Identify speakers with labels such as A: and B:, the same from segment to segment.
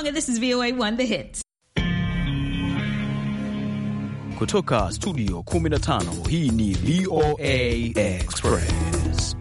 A: This is VOA 1 The Hits.
B: Kutoka studio 15 hii ni VOA Express.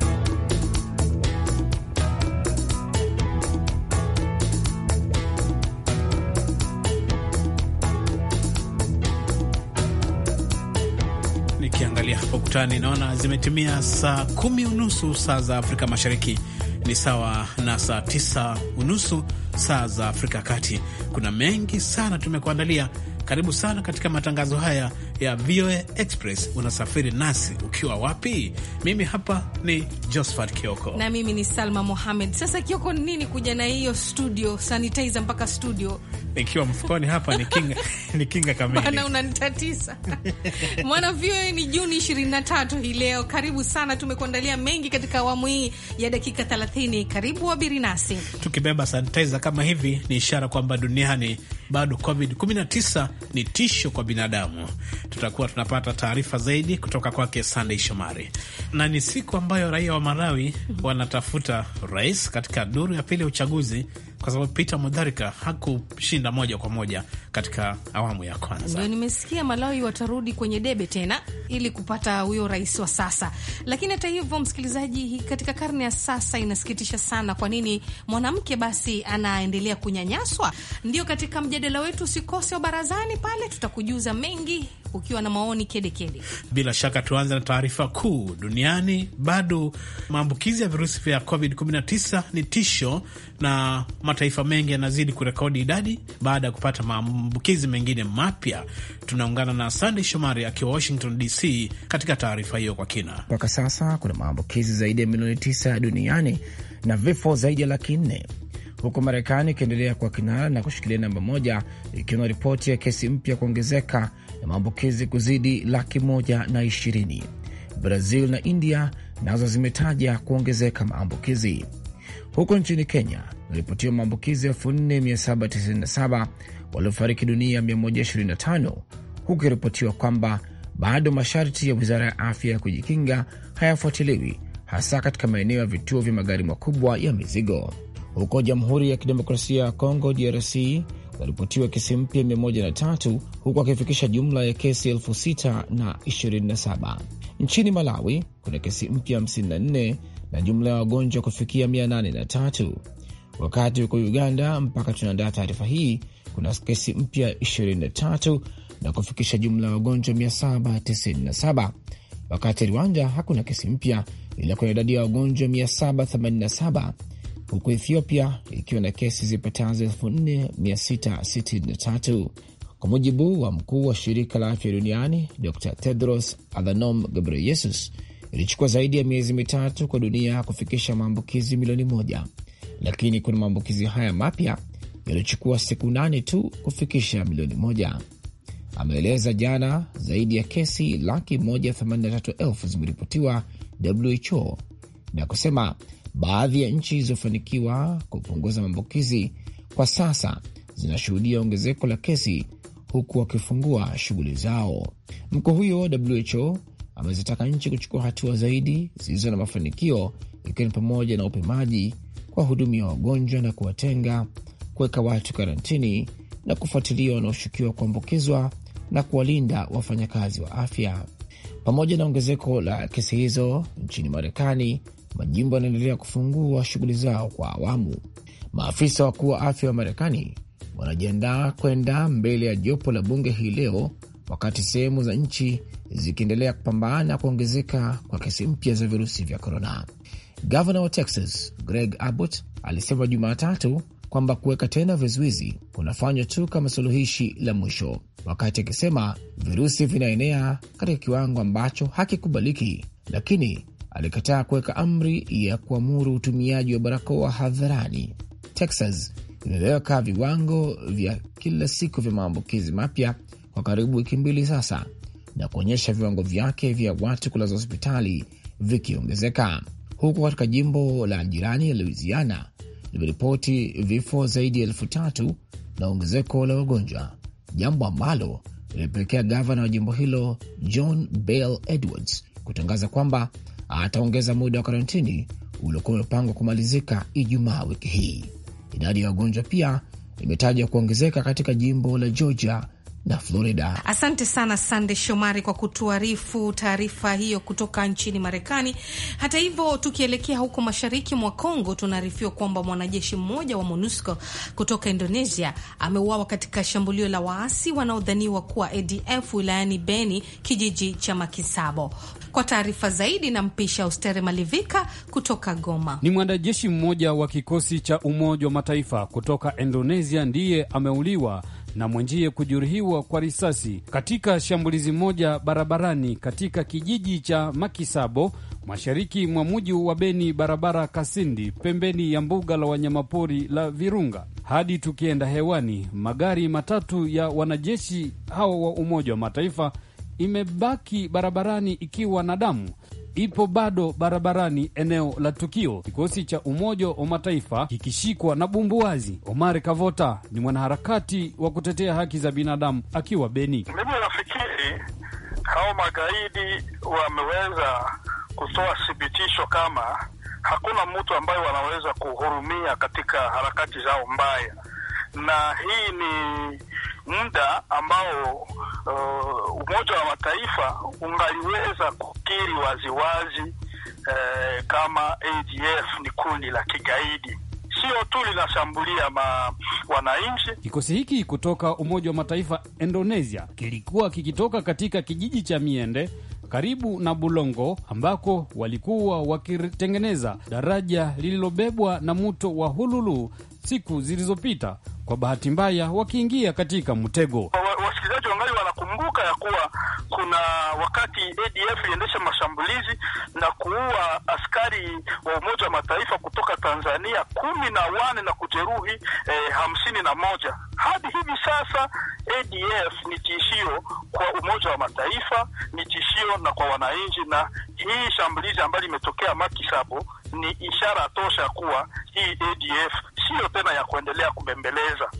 C: Nikiangalia hapa ukutani naona zimetimia saa kumi unusu saa za Afrika Mashariki ni sawa na saa tisa unusu saa za Afrika Kati. Kuna mengi sana tumekuandalia karibu sana katika matangazo haya ya VOA Express. Unasafiri nasi ukiwa wapi? Mimi hapa ni Josephat Kioko na
A: mimi ni Salma Mohamed. Sasa Kioko, nini kuja na hiyo studio sanitizer mpaka studio
C: ikiwa mfukoni hapa? Ni kinga, ni kinga kamili bana,
A: unanitatisa mwana. VOA ni Juni 23 hii leo. Karibu sana, tumekuandalia mengi katika awamu hii ya dakika 30. Karibu wabiri nasi
C: tukibeba sanitizer kama hivi, ni ishara kwamba duniani bado COVID 19 ni tisho kwa binadamu. Tutakuwa tunapata taarifa zaidi kutoka kwake Sandey Shomari. Na ni siku ambayo raia wa Malawi wanatafuta rais katika duru ya pili ya uchaguzi kwa sababu Peter Mutharika hakushinda moja kwa moja katika awamu ya kwanza. Ndio
A: nimesikia Malawi watarudi kwenye debe tena ili kupata huyo rais wa sasa. Lakini hata hivyo, msikilizaji, katika karne ya sasa inasikitisha sana. Kwa nini mwanamke basi anaendelea kunyanyaswa? Ndio katika mjadala wetu, usikose wa barazani pale, tutakujuza mengi ukiwa na maoni kedekede kede.
C: Bila shaka tuanze na taarifa kuu duniani. Bado maambukizi ya virusi vya COVID-19 ni tisho na mataifa mengi yanazidi kurekodi idadi baada ya kupata maambukizi mengine mapya. Tunaungana na Sandey Shomari akiwa Washington DC katika taarifa hiyo kwa kina.
D: Mpaka sasa kuna maambukizi zaidi ya milioni tisa duniani na vifo zaidi ya laki nne huku Marekani ikiendelea kwa kinara na kushikilia namba moja ikiwa na ripoti ya kesi mpya kuongezeka na maambukizi kuzidi laki moja na ishirini. Brazil na India nazo zimetaja kuongezeka maambukizi. Huko nchini Kenya inaripotiwa maambukizi 4797 waliofariki dunia 125, huku ikiripotiwa kwamba bado masharti ya wizara ya afya ya kujikinga hayafuatiliwi hasa katika maeneo ya vituo vya magari makubwa ya mizigo. Huko Jamhuri ya Kidemokrasia ya Kongo, DRC, kunaripotiwa kesi mpya 103 huku akifikisha jumla ya kesi 6027. Nchini Malawi kuna kesi mpya 54 na jumla ya wagonjwa kufikia 803. Wakati huko Uganda, mpaka tunaandaa taarifa hii, kuna kesi mpya 23 na kufikisha jumla ya wagonjwa 797, wakati Rwanda hakuna kesi mpya ila kuna idadi ya wagonjwa 787 huku Ethiopia ikiwa na kesi zipatazo 4663 kwa mujibu wa mkuu wa shirika la afya duniani Dr Tedros Adhanom Ghebreyesus. Ilichukua zaidi ya miezi mitatu kwa dunia kufikisha maambukizi milioni moja, lakini kuna maambukizi haya mapya yaliyochukua siku nane tu kufikisha milioni moja. Ameeleza jana zaidi ya kesi laki moja themanini na tatu elfu zimeripotiwa WHO na kusema baadhi ya nchi zilizofanikiwa kupunguza maambukizi kwa sasa zinashuhudia ongezeko la kesi huku wakifungua shughuli zao. Mkuu huyo WHO amezitaka nchi kuchukua hatua zaidi zilizo na mafanikio ikiwa ni pamoja na upimaji, kuwahudumia wagonjwa na kuwatenga, kuweka watu karantini na kufuatilia wanaoshukiwa kuambukizwa na kuwalinda wafanyakazi wa afya. Pamoja na ongezeko la kesi hizo nchini Marekani, majimbo yanaendelea kufungua shughuli zao kwa awamu. Maafisa wakuu wa afya wa Marekani wanajiandaa kwenda mbele ya jopo la bunge hii leo wakati sehemu za nchi zikiendelea kupambana kuongezeka kwa kesi mpya za virusi vya korona. Gavana wa Texas Greg Abbott alisema Jumatatu kwamba kuweka tena vizuizi kunafanywa tu kama suluhishi la mwisho, wakati akisema virusi vinaenea katika kiwango ambacho hakikubaliki, lakini alikataa kuweka amri ya kuamuru utumiaji wa barakoa hadharani. Texas imeweka viwango vya kila siku vya maambukizi mapya kwa karibu wiki mbili sasa na kuonyesha viwango vyake vya watu kulaza hospitali vikiongezeka, huku katika jimbo la jirani ya Louisiana limeripoti vifo zaidi ya elfu tatu na ongezeko la wagonjwa, jambo ambalo limepelekea gavana wa jimbo hilo John bel Edwards kutangaza kwamba ataongeza muda wa karantini uliokuwa umepangwa kumalizika Ijumaa wiki hii. Idadi ya wagonjwa pia imetajwa kuongezeka katika jimbo la Georgia na Florida.
A: Asante sana Sande Shomari kwa kutuarifu taarifa hiyo kutoka nchini Marekani. Hata hivyo, tukielekea huko mashariki mwa congo tunaarifiwa kwamba mwanajeshi mmoja wa MONUSCO kutoka Indonesia ameuawa katika shambulio la waasi wanaodhaniwa kuwa ADF wilayani Beni, kijiji cha Makisabo. Kwa taarifa zaidi, nampisha Austere Malivika kutoka Goma.
E: Ni mwanajeshi mmoja wa kikosi cha Umoja wa Mataifa kutoka Indonesia ndiye ameuliwa na mwenjie kujeruhiwa kwa risasi katika shambulizi moja barabarani katika kijiji cha Makisabo mashariki mwa muji wa Beni, barabara Kasindi, pembeni ya mbuga la wanyamapori la Virunga. Hadi tukienda hewani, magari matatu ya wanajeshi hao wa Umoja wa Mataifa imebaki barabarani ikiwa na damu ipo bado barabarani eneo la tukio, kikosi cha Umoja wa Mataifa kikishikwa na bumbuazi. Omar Kavota ni mwanaharakati wa kutetea haki za binadamu akiwa Beni. Mimi
F: nafikiri
G: hao magaidi wameweza kutoa thibitisho kama hakuna mtu ambaye wanaweza kuhurumia katika harakati zao mbaya na hii ni muda ambao uh, Umoja wa Mataifa ungaliweza kukiri waziwazi uh, kama ADF ni kundi la kigaidi, sio tu linashambulia wananchi.
E: Kikosi hiki kutoka Umoja wa Mataifa Indonesia kilikuwa kikitoka katika kijiji cha Miende karibu na Bulongo ambako walikuwa wakitengeneza daraja lililobebwa na mto wa Hululu siku zilizopita kwa bahati mbaya wakiingia katika mtego. Wasikilizaji wangali wanakumbuka
G: ya kuwa kuna wakati ADF iliendesha mashambulizi na kuua askari wa Umoja wa Mataifa kutoka Tanzania kumi na wane na kujeruhi eh, hamsini na moja. Hadi hivi sasa ADF ni tishio kwa Umoja wa Mataifa, ni tishio na kwa wananchi, na hii shambulizi ambayo limetokea Makisabo ni ishara tosha kuwa hii ADF sio tena ya kuendelea kubembeleza.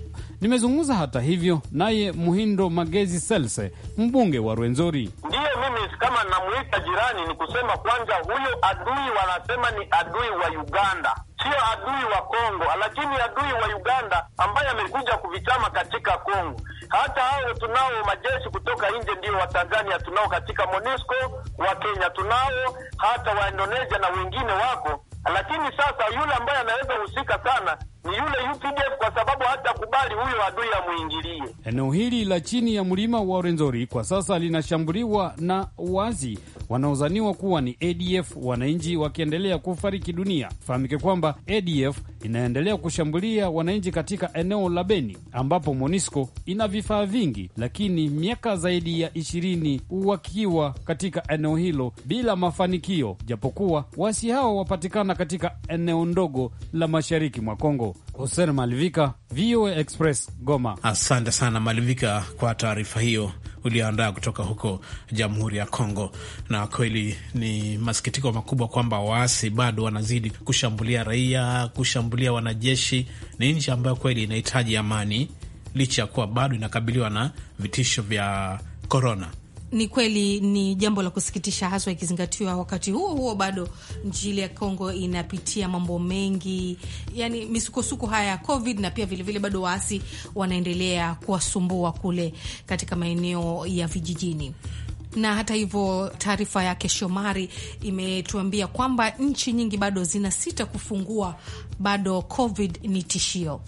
E: Nimezungumza hata hivyo naye Muhindo Magezi Selse, mbunge wa Rwenzori.
G: Ndiye mimi kama namwita jirani, ni kusema kwanza, huyo adui wanasema ni adui wa Uganda, sio adui wa Kongo, lakini adui wa Uganda ambaye amekuja kuvichama katika Kongo. Hata hao tunao majeshi kutoka nje, ndio wa Tanzania tunao katika MONUSCO, wa Kenya tunao, hata wa Indonesia na wengine wako, lakini sasa yule ambaye anaweza husika sana ni yule UPDF kwa sababu hatakubali huyo adui
E: amwingilie. Eneo hili la chini ya mlima wa Rwenzori kwa sasa linashambuliwa na wazi wanaozaniwa kuwa ni ADF, wananchi wakiendelea kufariki dunia. Fahamike kwamba ADF inaendelea kushambulia wananchi katika eneo la Beni ambapo MONUSCO ina vifaa vingi, lakini miaka zaidi ya ishirini wakiwa katika eneo hilo bila mafanikio, japokuwa wasi hao wapatikana katika eneo ndogo la mashariki mwa Kongo. Hussein Malvika, VOA Express, Goma.
C: Asante sana Malvika kwa taarifa hiyo ulioandaa kutoka huko Jamhuri ya Kongo. Na kweli ni masikitiko makubwa kwamba waasi bado wanazidi kushambulia raia, kushambulia wanajeshi. Ni nchi ambayo kweli inahitaji amani, licha ya kuwa bado inakabiliwa na vitisho vya korona.
A: Ni kweli ni jambo la kusikitisha, haswa ikizingatiwa wakati huo huo bado nchi ile ya Kongo inapitia mambo mengi, yani misukosuko haya ya COVID na pia vilevile vile bado waasi wanaendelea kuwasumbua kule katika maeneo ya vijijini na hata hivyo taarifa yake Shomari imetuambia kwamba nchi nyingi bado zinasita kufungua, bado COVID ni tishio.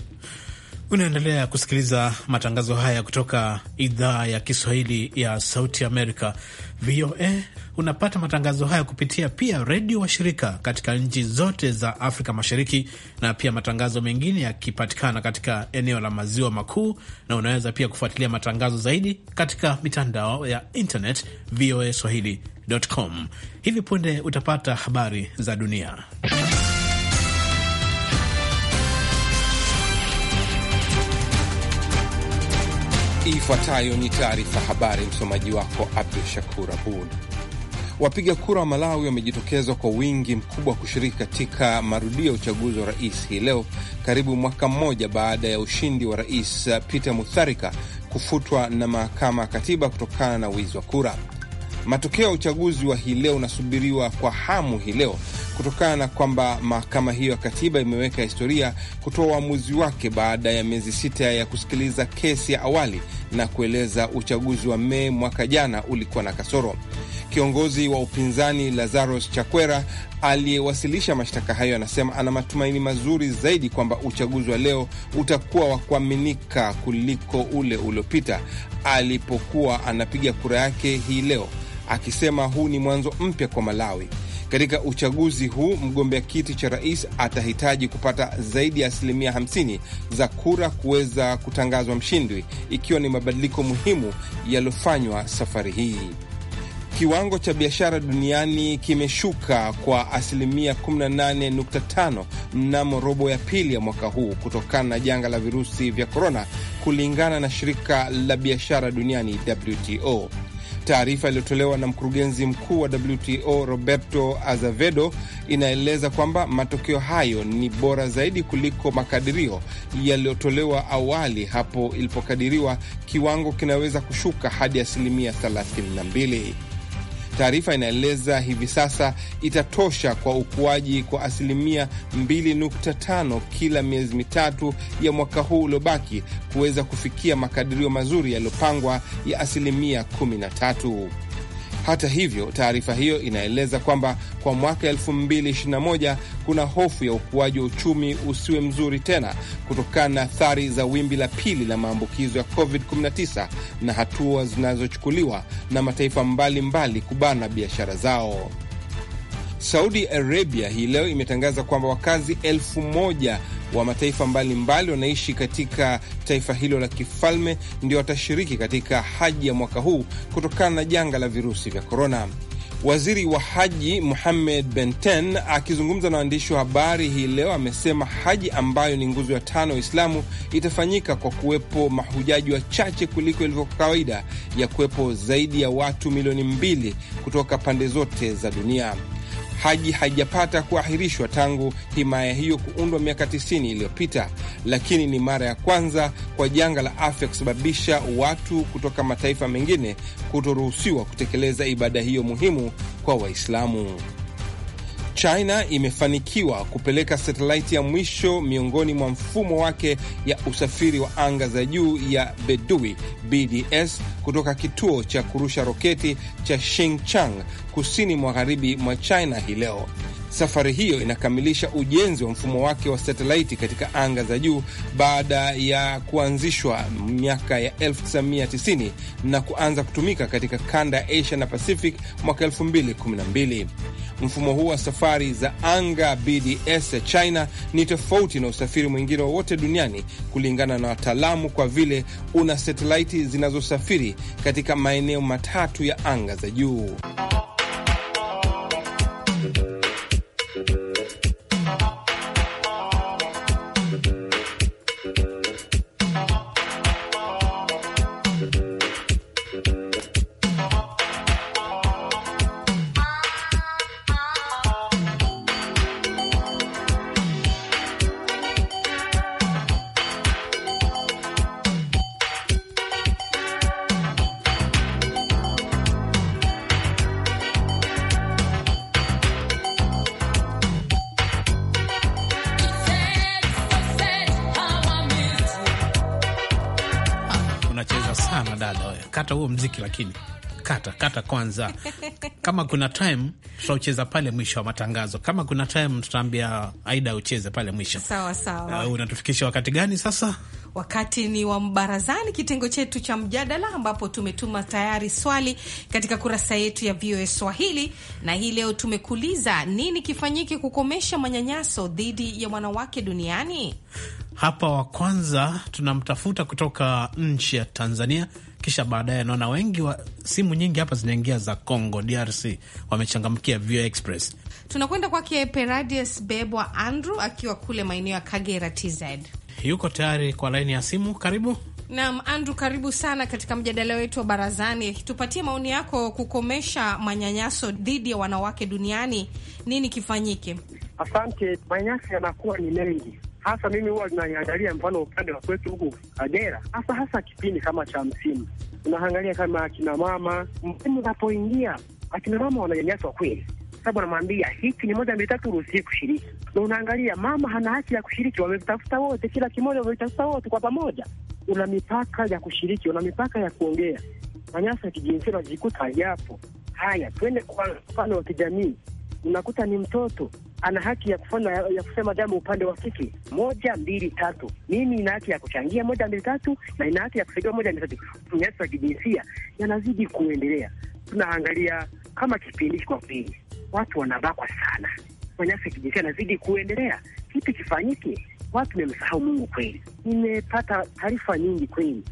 C: Unaendelea kusikiliza matangazo haya kutoka idhaa ya Kiswahili ya Sauti Amerika, VOA. Unapata matangazo haya kupitia pia redio wa shirika katika nchi zote za Afrika Mashariki, na pia matangazo mengine yakipatikana katika eneo la maziwa makuu, na unaweza pia kufuatilia matangazo zaidi katika mitandao ya internet, voa swahili.com. Hivi punde utapata habari za dunia.
H: Ifuatayo ni taarifa habari, msomaji wako Abdu Shakur Abud. Wapiga kura wa Malawi wamejitokeza kwa wingi mkubwa kushiriki katika marudio ya uchaguzi wa rais hii leo, karibu mwaka mmoja baada ya ushindi wa rais Peter Mutharika kufutwa na mahakama ya katiba kutokana na wizi wa kura. Matokeo ya uchaguzi wa hii leo unasubiriwa kwa hamu hii leo kutokana na kwamba mahakama hiyo ya katiba imeweka historia kutoa uamuzi wake baada ya miezi sita ya kusikiliza kesi ya awali na kueleza uchaguzi wa Mei mwaka jana ulikuwa na kasoro. Kiongozi wa upinzani Lazarus Chakwera aliyewasilisha mashtaka hayo anasema ana matumaini mazuri zaidi kwamba uchaguzi wa leo utakuwa wa kuaminika kuliko ule uliopita alipokuwa anapiga kura yake hii leo, akisema huu ni mwanzo mpya kwa Malawi. Katika uchaguzi huu mgombea kiti cha rais atahitaji kupata zaidi ya asilimia 50 za kura kuweza kutangazwa mshindi, ikiwa ni mabadiliko muhimu yaliyofanywa safari hii. Kiwango cha biashara duniani kimeshuka kwa asilimia 18.5 mnamo robo ya pili ya mwaka huu kutokana na janga la virusi vya korona, kulingana na shirika la biashara duniani WTO. Taarifa iliyotolewa na mkurugenzi mkuu wa WTO Roberto Azevedo inaeleza kwamba matokeo hayo ni bora zaidi kuliko makadirio yaliyotolewa awali, hapo ilipokadiriwa kiwango kinaweza kushuka hadi asilimia 32. Taarifa inaeleza hivi sasa itatosha kwa ukuaji kwa asilimia 2.5 kila miezi mitatu ya mwaka huu uliobaki kuweza kufikia makadirio mazuri yaliyopangwa ya asilimia 13. Hata hivyo, taarifa hiyo inaeleza kwamba kwa mwaka 2021 kuna hofu ya ukuaji wa uchumi usiwe mzuri tena kutokana na athari za wimbi la pili la maambukizo ya COVID-19 na hatua zinazochukuliwa na mataifa mbalimbali mbali kubana biashara zao. Saudi Arabia hii leo imetangaza kwamba wakazi elfu moja wa mataifa mbalimbali wanaishi katika taifa hilo la kifalme ndio watashiriki katika haji ya mwaka huu kutokana na janga la virusi vya korona. Waziri wa haji Muhamed Benten akizungumza na waandishi wa habari hii leo amesema haji ambayo ni nguzo ya tano Islamu itafanyika kwa kuwepo mahujaji wachache kuliko ilivyo kawaida ya kuwepo zaidi ya watu milioni mbili kutoka pande zote za dunia haji haijapata kuahirishwa tangu himaya hiyo kuundwa miaka 90 iliyopita, lakini ni mara ya kwanza kwa janga la afya kusababisha watu kutoka mataifa mengine kutoruhusiwa kutekeleza ibada hiyo muhimu kwa Waislamu. China imefanikiwa kupeleka satelaiti ya mwisho miongoni mwa mfumo wake ya usafiri wa anga za juu ya Bedui BDS kutoka kituo cha kurusha roketi cha shingchang kusini magharibi mwa China hii leo. Safari hiyo inakamilisha ujenzi wa mfumo wake wa satelaiti katika anga za juu baada ya kuanzishwa miaka ya 1990 na kuanza kutumika katika kanda ya Asia na Pacific mwaka 2012. Mfumo huu wa safari za anga BDS ya China ni tofauti na usafiri mwingine wowote duniani kulingana na wataalamu, kwa vile una satelaiti zinazosafiri katika maeneo matatu ya anga za juu.
C: yake, lakini kata kata kwanza. Kama kuna time tutaucheza pale mwisho wa matangazo, kama kuna time tutaambia Aida ucheze pale mwisho.
A: Sawa sawa. Uh,
C: unatufikisha wakati gani sasa?
A: Wakati ni wa mbarazani kitengo chetu cha mjadala, ambapo tumetuma tayari swali katika kurasa yetu ya VOA Swahili, na hii leo tumekuuliza nini kifanyike kukomesha manyanyaso dhidi ya wanawake duniani.
C: Hapa wa kwanza tunamtafuta kutoka nchi ya Tanzania kisha baadaye naona wengi wa, simu nyingi hapa zinaingia za Congo DRC, wamechangamkia VOA Express.
A: Tunakwenda kwake Peradius Bebwa Andrew akiwa kule maeneo ya Kagera TZ,
C: yuko tayari kwa laini ya simu. Karibu.
A: nam Andrew, karibu sana katika mjadala wetu wa barazani. Tupatie maoni yako kukomesha manyanyaso dhidi ya wanawake duniani, nini kifanyike?
I: Asante. Manyanyaso yanakuwa ni mengi hasa mimi huwa naiangalia mfano upande wa kwetu huku Kagera, hasa hasa kipindi kama cha msimu, unaangalia kama akina mama, msimu unapoingia akina mama wananyanyaswa kweli, sababu anamwambia hiki ni moja mitatu, ruhusii kushiriki, na unaangalia mama hana haki ya kushiriki. wamevitafuta wote, kila kimoja wamevitafuta wote kwa pamoja, una mipaka ya kushiriki, una mipaka ya kuongea. Manyasa ya kijinsia najikuta yapo. Haya, twende kwa mfano wa kijamii, unakuta ni mtoto ana haki ya kufanya ya kusema jambo upande wa kiki moja mbili tatu. Mimi ina haki ya kuchangia moja mbili tatu, na ina haki ya kusaidia moja mbili tatu. Unyanyaso wa kijinsia yanazidi kuendelea. Tunaangalia kama kipindi kwa pili, watu wanabakwa sana, unyanyaso wa kijinsia yanazidi kuendelea. Kipi kifanyike? Watu wamemsahau Mungu kweli. Nimepata taarifa nyingi kweli,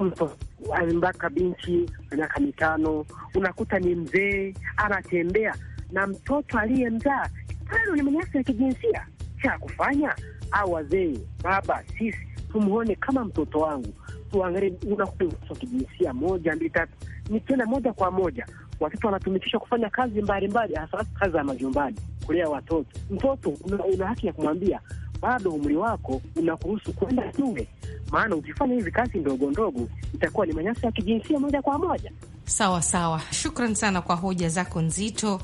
I: mtu alimbaka binti miaka mitano, unakuta ni mzee anatembea na mtoto aliyemzaa bado ni manyasa ya kijinsia. Cha kufanya au wazee, baba, sisi tumuone kama mtoto wangu, tuangalie unakuwa kijinsia moja mbili tatu, ni tena moja kwa moja watoto wanatumikishwa kufanya kazi mbalimbali, hasa kazi za majumbani, kulea watoto. Mtoto una, una haki ya kumwambia bado umri wako unakuruhusu kwenda shule, maana ukifanya hizi kazi
A: ndogo ndogo itakuwa ni manyasa ya kijinsia moja kwa moja. Sawa sawa, shukran sana kwa hoja zako nzito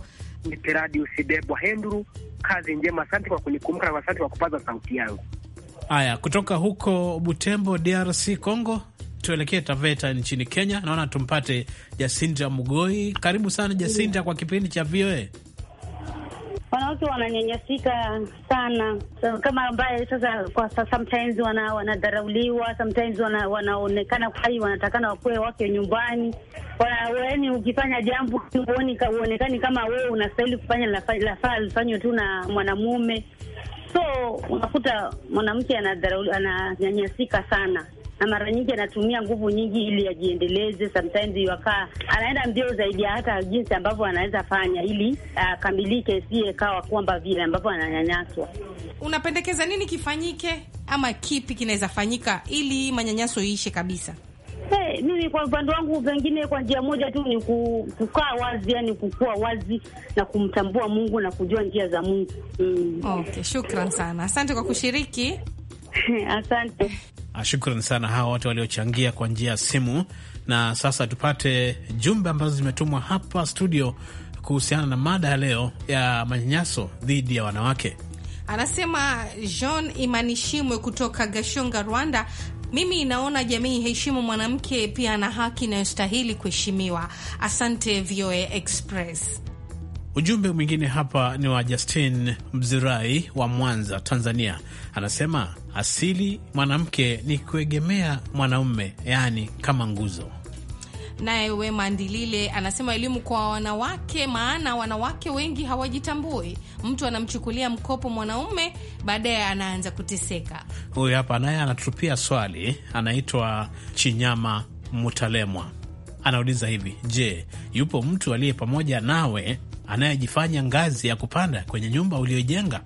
A: ni Usidebwa henduru Kazi njema, asante kwa
I: kunikumbuka na asante kwa kupaza sauti yangu.
C: Haya, kutoka huko Butembo, DRC Congo, tuelekee Taveta nchini Kenya. Naona tumpate Jasinta Mugoi. Karibu sana Jasinta kwa kipindi cha VOA.
F: Wanawake wananyanyasika sana so, kama ambaye sasa kwa sometimes wanadharauliwa wana sometimes wana, wanaonekana hii wanatakana wakuwe wake nyumbani Yaani ukifanya jambo
A: huonekani kama wewe unastahili kufanya, lafaa lifanywe tu na mwanamume. So unakuta mwanamke ananyanyasika sana, na mara nyingi anatumia nguvu nyingi ili ajiendeleze. Sometimes iwakaa anaenda mbio zaidi ya hata
I: jinsi ambavyo anaweza fanya ili ah, akamilike, uh, sie kawa kwamba vile ambavyo ananyanyaswa.
A: Unapendekeza nini kifanyike ama kipi kinaweza fanyika ili manyanyaso iishe kabisa? mimi kwa upande wangu pengine kwa njia moja tu ni kukaa wazi, yani kukua wazi na kumtambua Mungu na kujua njia za Mungu mm. Okay, shukran sana, asante kwa kushiriki asante.
C: Ah, shukran sana hawa watu waliochangia kwa njia ya simu, na sasa tupate jumbe ambazo zimetumwa hapa studio kuhusiana na mada ya leo ya manyanyaso dhidi ya wanawake.
A: Anasema John Imanishimwe kutoka Gashonga, Rwanda, mimi naona jamii heshimu mwanamke, pia ana haki inayostahili kuheshimiwa. Asante VOA Express.
C: Ujumbe mwingine hapa ni wa Justin Mzirai wa Mwanza, Tanzania. Anasema asili mwanamke ni kuegemea mwanaume, yaani kama nguzo.
A: Naye Wema Ndilile anasema elimu kwa wanawake, maana wanawake wengi hawajitambui. Mtu anamchukulia mkopo mwanaume, baadaye anaanza kuteseka.
C: Huyu hapa naye anatupia swali, anaitwa Chinyama Mutalemwa, anauliza hivi: Je, yupo mtu aliye pamoja nawe anayejifanya ngazi ya kupanda kwenye nyumba uliojenga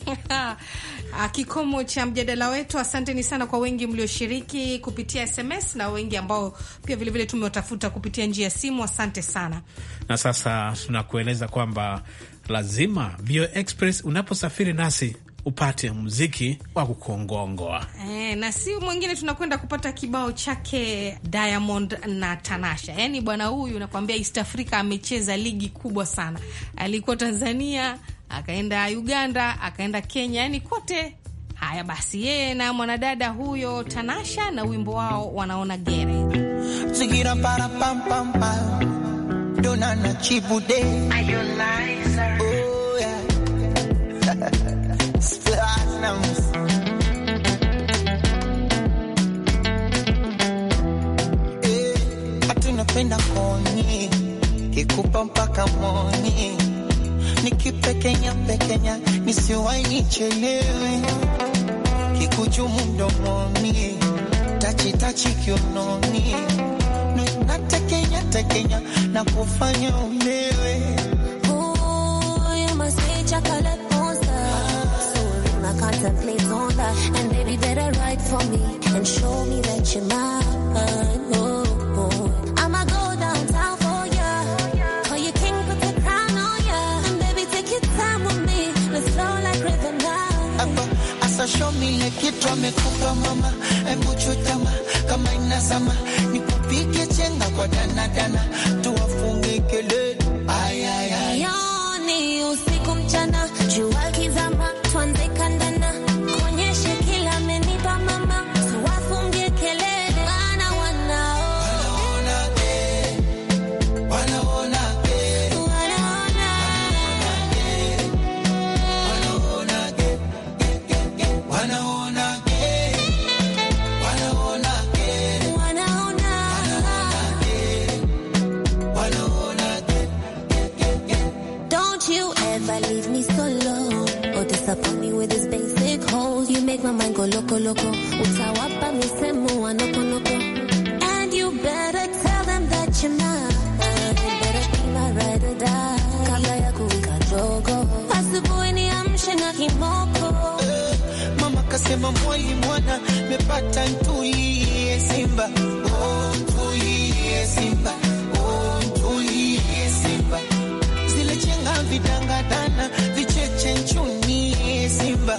A: ah, Kikomo cha mjadala wetu. Asanteni sana kwa wengi mlioshiriki kupitia SMS na wengi ambao pia vilevile tumewatafuta kupitia njia ya simu. Asante sana,
C: na sasa tunakueleza kwamba lazima Bio Express unaposafiri nasi upate muziki wa kukongongoa
A: E, na si mwingine tunakwenda kupata kibao chake Diamond na Tanasha. Yaani bwana huyu nakwambia, East Africa amecheza ligi kubwa sana, alikuwa Tanzania akaenda Uganda akaenda Kenya, yaani kote. Haya basi, yeye na mwanadada huyo Tanasha na wimbo wao wanaona gere Sigira para pam pam pam. Dona na
J: chibude. Hatunapenda koni kikupa mpaka moni nikipekenya pekenya nisiwai nichelewe kikuchumu mdomoni tachitachi kiononi natekenya tekenya na kufanya
F: the place on that. And baby, better write for me and show me that you're mine. Oh, oh. I'ma go downtown for ya. Call you king, put the crown on ya. And baby, take your time with me. Let's flow like river now.
J: Asa show me like you draw me kupa mama. Embu chutama, kama inasama. Nipopike chenga kwa dana dana. Tuwafunge kelele.
F: loco loco utawapa misemo wanoko loko. And you better tell them that you're not. You better be my ride or die. Kabla ya kuwika dogo, asubuhi niamshe na kimoko. Mama kasema mwali mwana, mepata ntulie
J: Simba, oh ntulie Simba, oh ntulie Simba. Zile chenga vidangadana, vicheche nchuni Simba.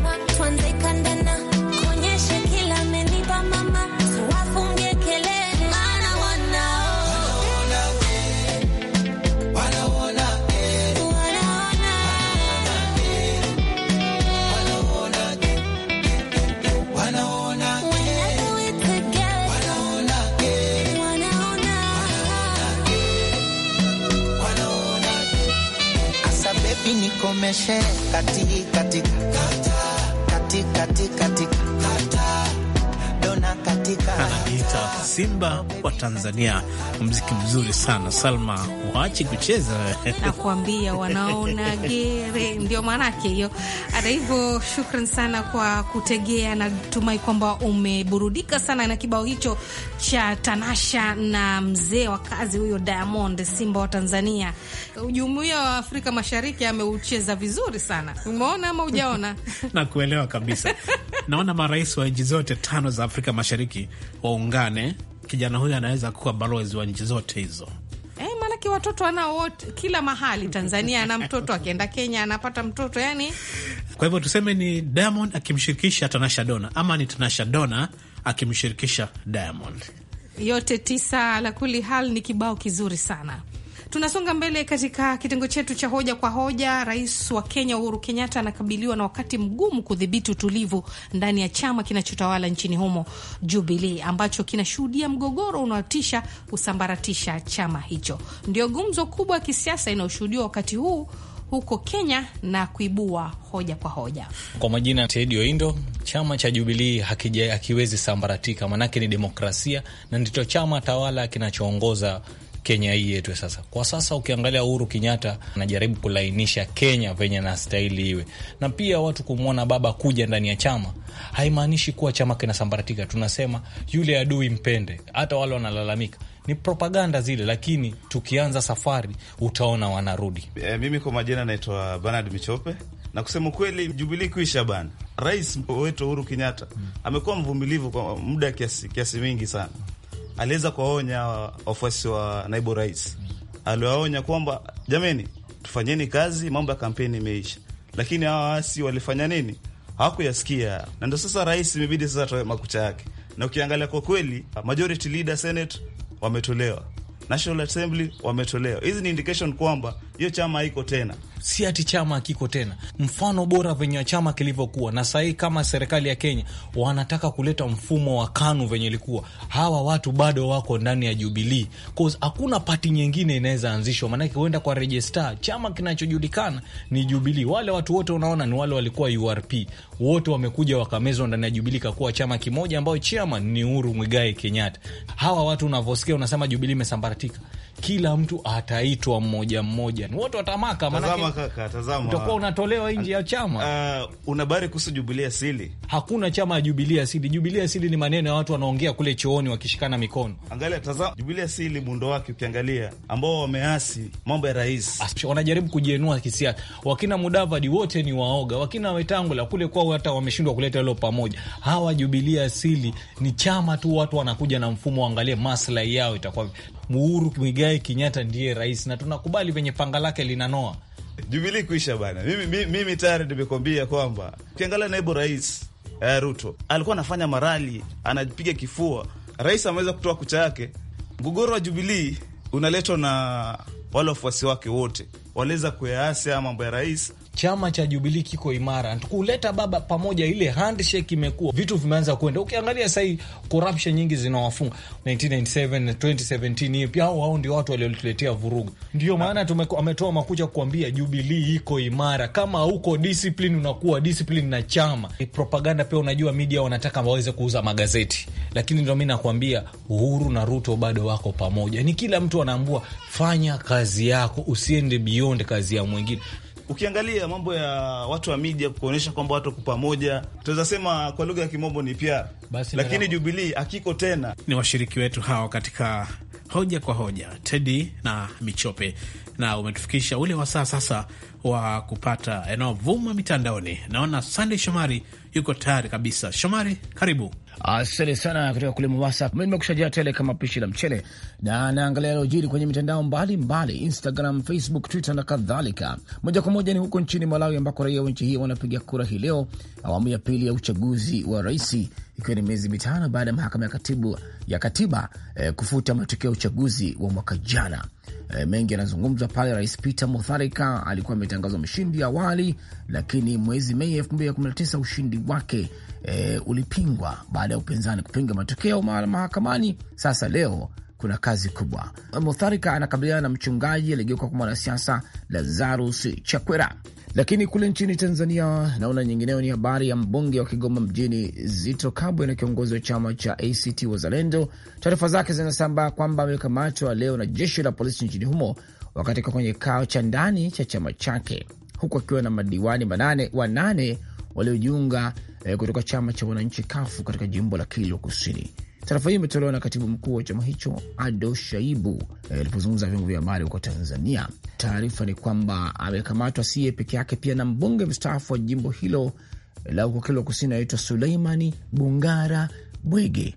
J: Nikomeshe katikati katika katikati katika
C: dona katika anajiita Simba wa Tanzania. Mziki mzuri sana Salma, waachi kucheza
A: nakuambia, wanaona gere ndio maanake hiyo. Hata hivyo, shukran sana kwa kutegea. Natumai kwamba umeburudika sana na kibao hicho cha Tanasha na mzee wa kazi huyo Diamond, Simba wa Tanzania. Jumuiya wa Afrika Mashariki ameucheza vizuri sana, umeona ama ujaona?
C: Nakuelewa kabisa. Naona marais wa nchi zote tano za Afrika Mashariki waungane. Kijana huyu anaweza kuwa balozi wa nchi zote hizo.
A: E, maanake watoto anao wote kila mahali. Tanzania ana mtoto, akienda Kenya anapata mtoto yani.
C: Kwa hivyo tuseme ni Diamond akimshirikisha Tanasha Dona ama ni Tanasha Dona akimshirikisha Diamond.
A: Yote tisa, la kuli hal ni kibao kizuri sana. Tunasonga mbele katika kitengo chetu cha hoja kwa hoja. Rais wa Kenya Uhuru Kenyatta anakabiliwa na wakati mgumu kudhibiti utulivu ndani ya chama kinachotawala nchini humo, Jubilee, ambacho kinashuhudia mgogoro unaotisha kusambaratisha chama hicho. Ndio gumzo kubwa ya kisiasa inayoshuhudiwa wakati huu huko Kenya na kuibua hoja kwa hoja.
B: Kwa majina Teddy Oindo, chama cha Jubilii hakiwezi sambaratika, manake ni demokrasia na ndicho chama tawala kinachoongoza Kenya hii yetu sasa. Kwa sasa ukiangalia Uhuru Kenyatta anajaribu kulainisha Kenya venye nastahili iwe, na pia watu kumwona baba kuja ndani ya chama haimaanishi kuwa chama kinasambaratika. Tunasema yule adui mpende, hata wale wanalalamika ni propaganda zile, lakini tukianza safari utaona wanarudi. E, mimi kwa majina
G: naitwa Bernard Michope na kusema kweli, Jubilii kuisha bana. Rais wetu Uhuru Kenyatta hmm. amekuwa mvumilivu kwa muda kiasi, kiasi mingi sana aliweza kuwaonya wafuasi wa naibu rais, aliwaonya kwamba jameni, tufanyeni kazi, mambo ya kampeni imeisha. Lakini hawa waasi walifanya nini? Hawakuyasikia, na ndo sasa rais imebidi sasa atoe makucha yake. Na ukiangalia kwa kweli, majority leader senate wametolewa, national assembly wametolewa. Hizi ni indication kwamba hiyo chama haiko tena.
B: Si ati chama kiko tena, mfano bora venye chama kilivyokuwa. Na sahii kama serikali ya Kenya wanataka kuleta mfumo wa KANU venye ilikuwa, hawa watu bado wako ndani ya Jubilii, cause hakuna pati nyingine inaweza anzishwa, maanake huenda kwa rejista chama kinachojulikana ni Jubilii. Wale watu wote unaona ni wale walikuwa URP, wote wamekuja wakamezwa ndani ya Jubilii, kakuwa chama kimoja ambayo chairman ni Uhuru Mwigai Kenyatta. Hawa watu unavyosikia unasema Jubilii imesambaratika kila mtu ataitwa mmoja mmoja, ni watu watamaka, maana utakuwa unatolewa nje ya chama. Uh, una habari kuhusu Jubilia Sili? Hakuna chama ya Jubilia Sili. Jubilia Sili ni maneno ya watu wanaongea kule chooni wakishikana mikono.
G: Angalia, tazama
B: muundo wake, ukiangalia ambao wameasi mambo ya rais, wanajaribu kujienua kisiasa. Wakina Mudavadi wote ni waoga, wakina Wetangula kule kwao hata wameshindwa kuleta hilo pamoja. Hawa jubilia sili ni chama tu, watu wanakuja na mfumo, waangalie maslahi yao itakuwa Uhuru Mwigai Kenyatta ndiye rais na tunakubali venye panga lake linanoa. Jubilii kuisha bana. Mimi, mimi, mimi tayari nimekwambia kwamba ukiangalia naibu rais eh, Ruto
G: alikuwa anafanya marali, anapiga kifua. Rais ameweza kutoa kucha yake. Mgogoro wa Jubilii unaletwa na wale wafuasi wake wote waliweza kuyaasi mambo
B: ya rais chama cha Jubilii kiko imara, kuleta baba pamoja, ile handshake imekuwa, vitu vimeanza kuenda. Ukiangalia sasa hii corruption nyingi zinawafunga 1997 2017, hiyo pia wao ndio watu waliotuletea vurugu. Ndio maana ametoa makucha kuambia Jubilii iko imara, kama huko discipline unakuwa discipline na chama. e, propaganda pia, unajua media wanataka waweze kuuza magazeti, lakini ndio mimi nakwambia Uhuru na Ruto bado wako pamoja, ni kila mtu anaambua fanya kazi yako, usiende beyond kazi ya mwingine ukiangalia mambo
G: ya watu wa media kuonyesha kwamba watu wako
B: pamoja, tunaweza sema kwa lugha ya
G: kimombo ni PR, lakini jubilii akiko tena.
C: Ni washiriki wetu hao katika hoja kwa hoja, Tedi na Michope, na umetufikisha ule wasaa sasa wa kupata yanayovuma eh, mitandaoni. Naona Sandey Shomari yuko tayari kabisa.
D: Shomari, karibu. Asante sana kutoka kule Mombasa. Mi nimekushajia tele kama pishi la mchele, na naangalia yaliyojiri kwenye mitandao mbalimbali, Instagram, Facebook, Twitter na kadhalika. Moja kwa moja ni huko nchini Malawi, ambako raia wa nchi hiyo wanapiga kura hii leo, awamu ya pili ya uchaguzi wa raisi, ikiwa ni miezi mitano baada ya mahakama ya, ya katiba eh, kufuta matokeo ya uchaguzi wa mwaka jana. Eh, mengi yanazungumzwa pale. Rais Peter Mutharika alikuwa ametangazwa mshindi awali, lakini mwezi Mei 2019 ushindi wake e, ulipingwa baada ya upinzani kupinga matokeo mahakamani. Sasa leo kuna kazi kubwa. Mutharika anakabiliana na mchungaji aliyegeuka kwa mwanasiasa Lazarus Chakwera. Lakini kule nchini Tanzania naona nyingineo ni habari ya mbunge wa Kigoma Mjini Zito Kabwe na kiongozi wa chama cha ACT Wazalendo. Taarifa zake zinasambaa kwamba amekamatwa leo na jeshi la polisi nchini humo wakati kwenye kikao cha ndani cha chama chake, huku akiwa na madiwani manane wanane waliojiunga eh, kutoka chama cha wananchi kafu katika jimbo la Kilwa Kusini. Taarifa hii imetolewa na katibu mkuu wa chama hicho Ado Shaibu eh, alipozungumza eh, vyombo vya habari huko Tanzania. Taarifa ni kwamba amekamatwa siye peke yake, pia na mbunge mstaafu wa jimbo hilo la huko Kilwa Kusini anaitwa Suleimani Bungara Bwege.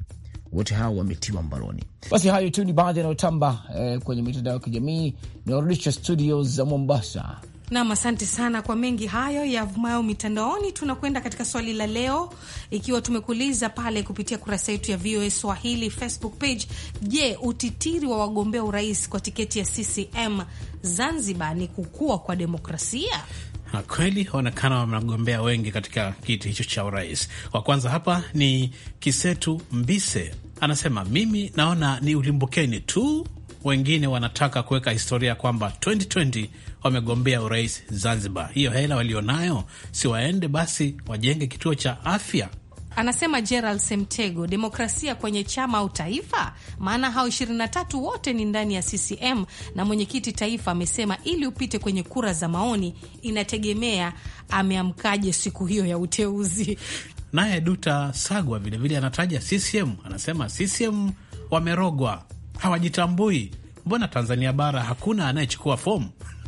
D: Wote hao wametiwa mbaroni. Basi hayo tu ni baadhi yanayotamba eh, kwenye mitandao ya kijamii. warudisha studio za Mombasa
A: Nam, asante sana kwa mengi hayo yavumayo mitandaoni. Tunakwenda katika swali la leo, ikiwa tumekuuliza pale kupitia kurasa yetu ya VOA Swahili Facebook page. Je, utitiri wa wagombea urais kwa tiketi ya CCM Zanzibar ni kukua kwa demokrasia?
C: Na kweli waonekana wamegombea wengi katika kiti hicho cha urais. Wa kwanza hapa ni Kisetu Mbise, anasema mimi naona ni ulimbukeni tu, wengine wanataka kuweka historia kwamba 2020 wamegombea urais Zanzibar, hiyo hela walionayo si waende basi wajenge kituo cha afya?
A: Anasema Gerald Semtego, demokrasia kwenye chama au taifa? Maana hao 23 wote ni ndani ya CCM na mwenyekiti taifa amesema ili upite kwenye kura za maoni inategemea ameamkaje siku hiyo ya uteuzi.
C: Naye Duta Sagwa vilevile anataja CCM, anasema CCM wamerogwa, hawajitambui. Mbona Tanzania bara hakuna anayechukua fomu?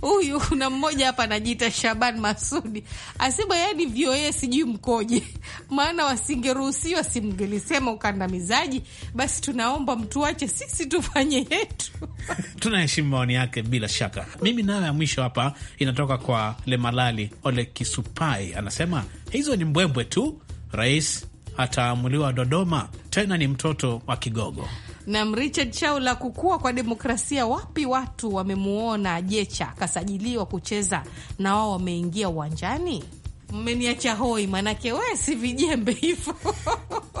A: huyu kuna mmoja hapa anajiita Shaban Masudi asema, yani vyoe sijui mkoje, maana wasingeruhusiwa, simngelisema ukandamizaji. Basi tunaomba mtuache sisi tufanye yetu.
C: Tunaheshimu maoni yake bila shaka. Mimi nayo ya mwisho hapa inatoka kwa Lemalali Ole Kisupai, anasema hizo ni mbwembwe tu, rais ataamuliwa Dodoma, tena ni mtoto wa kigogo.
A: Nam Richard Shaula, kukua kwa demokrasia, wapi watu wamemuona Jecha akasajiliwa kucheza na wao wameingia uwanjani? Mmeniacha hoi, manake we si vijembe hivo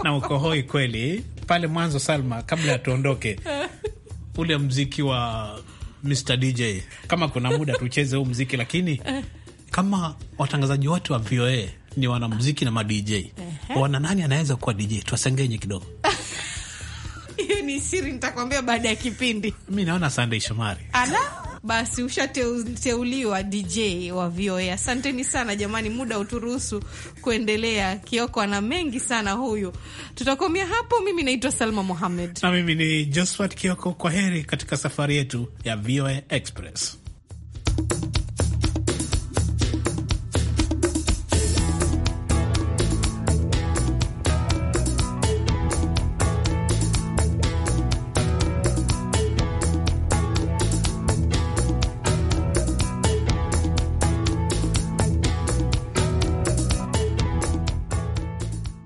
C: na uko hoi kweli pale mwanzo. Salma, kabla yatuondoke, ule mziki wa Mr DJ, kama kuna muda tucheze huu mziki, lakini kama watangazaji wote wa VOA ni wanamziki na ma DJ, wana nani anaweza kuwa DJ? Tuwasengenye kidogo
A: siri nitakwambia baada ya
C: kipindi. Mi naona sandey Shomari
A: ana basi ushateuliwa DJ wa VOA. Asanteni sana jamani, muda uturuhusu kuendelea. Kioko ana mengi sana huyu, tutakomea hapo. Mimi naitwa Salma Mohamed
C: na mimi ni Josphat Kioko. Kwa heri katika safari yetu ya VOA Express.